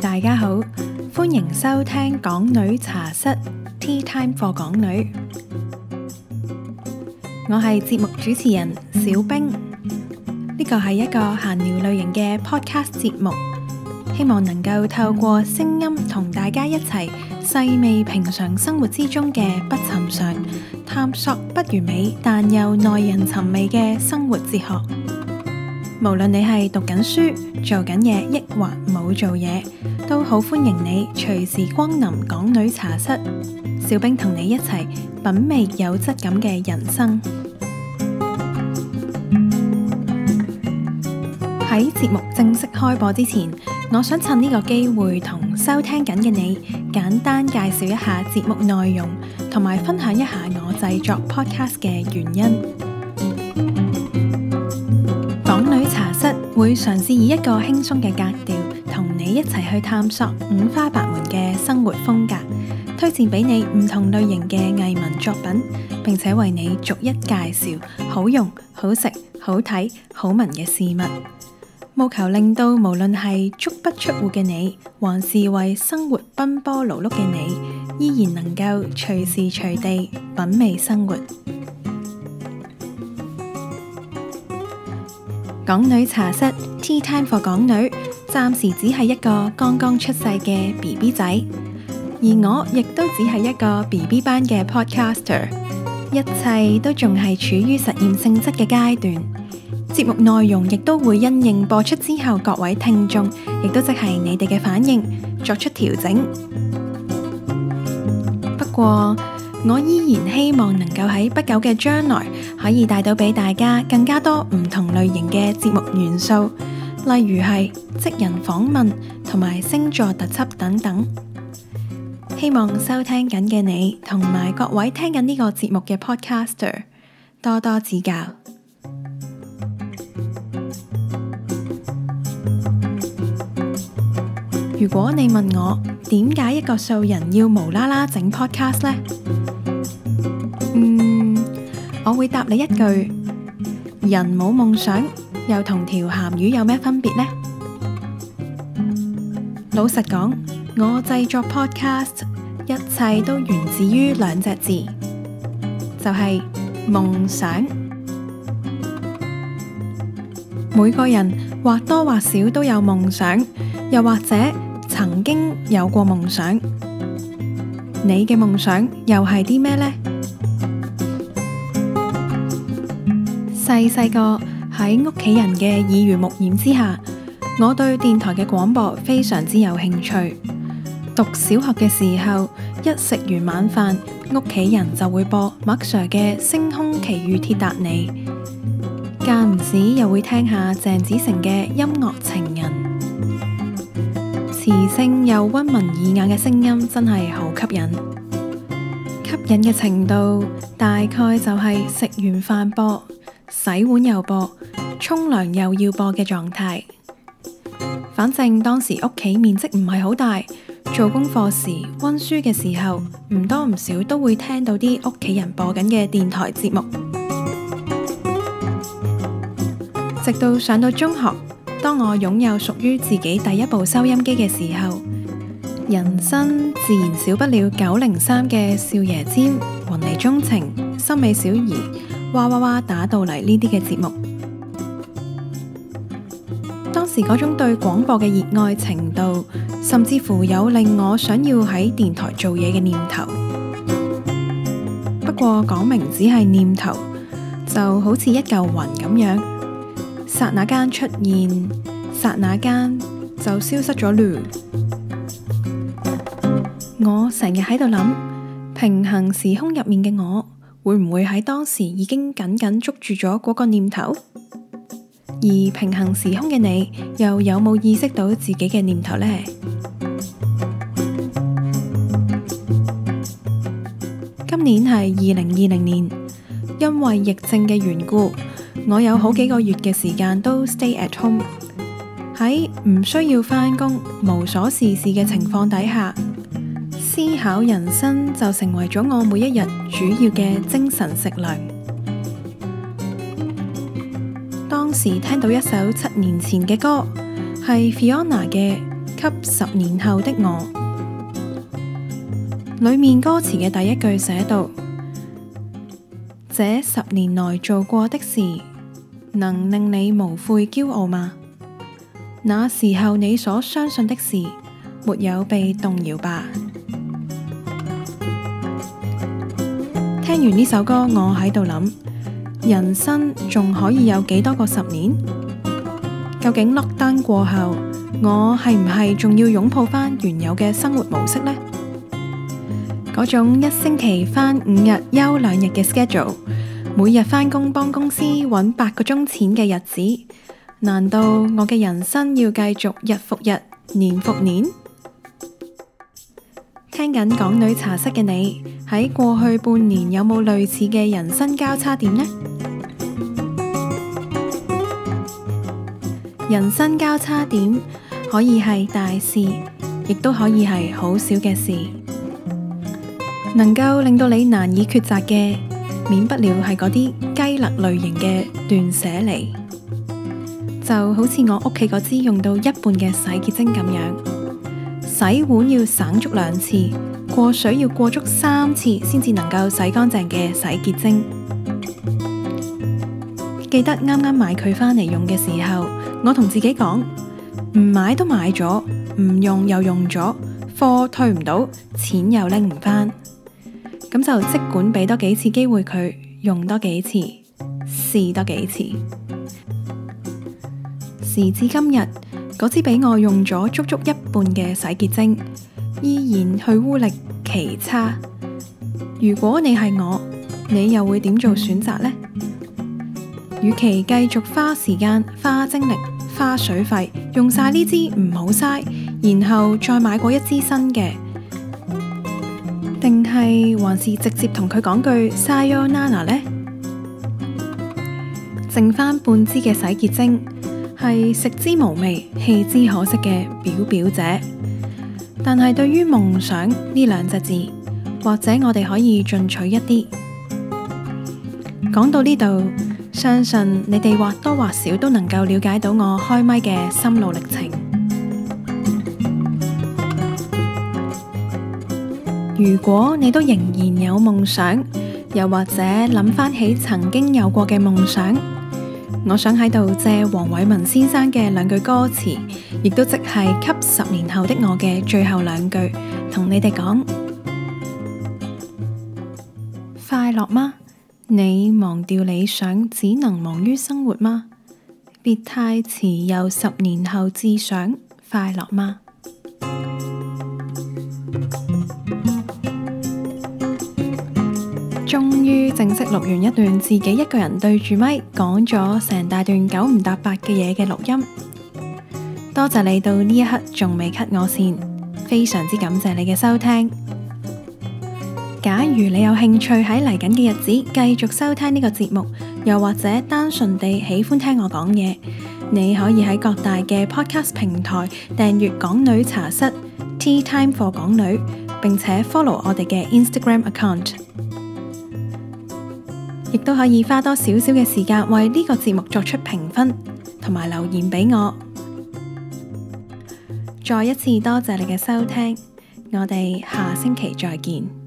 大家好，歡迎收聽講女茶室 Tea Time For 講女，我係節目主持人小冰，呢個係一個閒聊類型嘅 Podcast 節目，希望能夠透過聲音同大家一齊細味平常生活之中嘅不尋常，探索不完美但又耐人尋味嘅生活哲學。無論你係讀緊書、做緊嘢，抑或冇做嘢，都好歡迎你隨時光臨講女茶室。小冰同你一齊品味有質感嘅人生。喺 節目正式開播之前，我想趁呢個機會同收聽緊嘅你簡單介紹一下節目內容，同埋分享一下我製作 podcast 嘅原因。會嘗試以一個輕鬆嘅格調，同你一齊去探索五花八門嘅生活風格，推薦俾你唔同類型嘅藝文作品，並且為你逐一介紹好用、好食、好睇、好聞嘅事物，務求令到無論係足不出戶嘅你，還是為生活奔波勞碌嘅你，依然能夠隨時隨地品味生活。港女茶室 Tea Time for 港女，暫時只係一個剛剛出世嘅 BB 仔，而我亦都只係一個 BB 班嘅 Podcaster，一切都仲係處於實驗性質嘅階段，節目內容亦都會因應播出之後各位聽眾，亦都即係你哋嘅反應作出調整。不過，我依然希望能夠喺不久嘅將來可以帶到俾大家更加多唔同類型嘅節目元素，例如係職人訪問同埋星座特輯等等。希望收聽緊嘅你同埋各位聽緊呢個節目嘅 podcaster 多多指教。如果你問我點解一個素人要無啦啦整 podcast 呢？會答你一句：人冇夢想，又同條鹹魚有咩分別呢？老實講，我製作 podcast 一切都源自於兩隻字，就係夢想。每個人或多或少都有夢想，又或者曾經有過夢想。你嘅夢想又係啲咩呢？細細個喺屋企人嘅耳濡目染之下，我對電台嘅廣播非常之有興趣。讀小學嘅時候，一食完晚飯，屋企人就會播麥 sir 嘅《星空奇遇鐵達尼》，間唔時又會聽下鄭子誠嘅《音樂情人》，磁性又溫文爾雅嘅聲音真係好吸引，吸引嘅程度大概就係食完飯播。洗碗又播，沖涼又要播嘅狀態。反正當時屋企面積唔係好大，做功課時，溫書嘅時候，唔多唔少都會聽到啲屋企人播緊嘅電台節目。直到上到中學，當我擁有屬於自己第一部收音機嘅時候，人生自然少不了九零三嘅少爺占、雲妮鍾情、森美小儀。哇哇哇打到嚟呢啲嘅節目，當時嗰種對廣播嘅熱愛程度，甚至乎有令我想要喺電台做嘢嘅念頭。不過講明只係念頭，就好似一嚿雲咁樣，剎那間出現，剎那間就消失咗嚕。我成日喺度諗，平行時空入面嘅我，會唔會喺當時已經緊緊捉住咗嗰個念頭？而平衡時空嘅你，又有冇意識到自己嘅念頭呢？今年係二零二零年，因為疫症嘅緣故，我有好幾個月嘅時間都 stay at home，喺唔需要返工、無所事事嘅情況底下，思考人生就成為咗我每一日主要嘅精神食糧。當時聽到一首七年前嘅歌，係 Fiona 嘅《給十年後的我》，裏面歌詞嘅第一句寫道：這十年來做過的事，能令你無悔驕傲嗎？那時候你所相信的事，沒有被動搖吧？聽完呢首歌，我喺度諗：人生仲可以有幾多個十年？究竟 lockdown 過後，我係唔係仲要擁抱翻原有嘅生活模式呢？嗰種一星期返五日、休兩日嘅 schedule，每日返工幫公司搵八個鐘錢嘅日子，難道我嘅人生要繼續日復日、年復年？聽緊港女茶室嘅你。喺過去半年有冇類似嘅人生交叉點呢？人生交叉點可以係大事，亦都可以係好少嘅事，能夠令到你難以抉擇嘅，免不了係嗰啲雞肋類型嘅斷捨離。就好似我屋企嗰支用到一半嘅洗潔精咁樣，洗碗要省足兩次。過水要過足三次先至能夠洗乾淨嘅洗潔精。記得啱啱買佢返嚟用嘅時候，我同自己講：「唔買都買咗，唔用又用咗，貨退唔到，錢又拎唔返。」咁就即管俾多幾次機會佢，用多幾次，試多幾次。時至今日，嗰支俾我用咗足足一半嘅洗潔精，依然去污力。其差，如果你係我，你又會點做選擇呢？與其繼續花時間、花精力、花水費，用晒呢支唔好嘥，然後再買過一支新嘅，定係還是直接同佢講句 Sayonara 呢？剩翻半支嘅洗潔精，係食之無味、棄之可惜嘅表表姐。但係對於夢想呢兩隻字，或者我哋可以進取一啲。講到呢度，相信你哋或多或少都能夠了解到我開咪嘅心路歷程。如果你都仍然有夢想，又或者諗翻起曾經有過嘅夢想，我想喺度借黃偉文先生嘅兩句歌詞。亦都即係給十年後的我嘅最後兩句，同你哋講：快樂嗎？你忘掉理想，只能忙於生活嗎？別太遲，又十年後至想快樂嗎 樂嗎？終於正式錄完一段自己一個人對住咪講咗成大段九唔搭八嘅嘢嘅錄音。多謝你到呢一刻仲未 cut 我線，非常之感謝你嘅收聽。假如你有興趣喺嚟緊嘅日子繼續收聽呢個節目，又或者單純地喜歡聽我講嘢，你可以喺各大嘅 podcast 平台訂閱《講女茶室 Tea Time for 講女》，並且 follow 我哋嘅 Instagram account，亦都可以花多少少嘅時間為呢個節目作出評分同埋留言俾我。再一次多謝你嘅收聽，我哋下星期再見。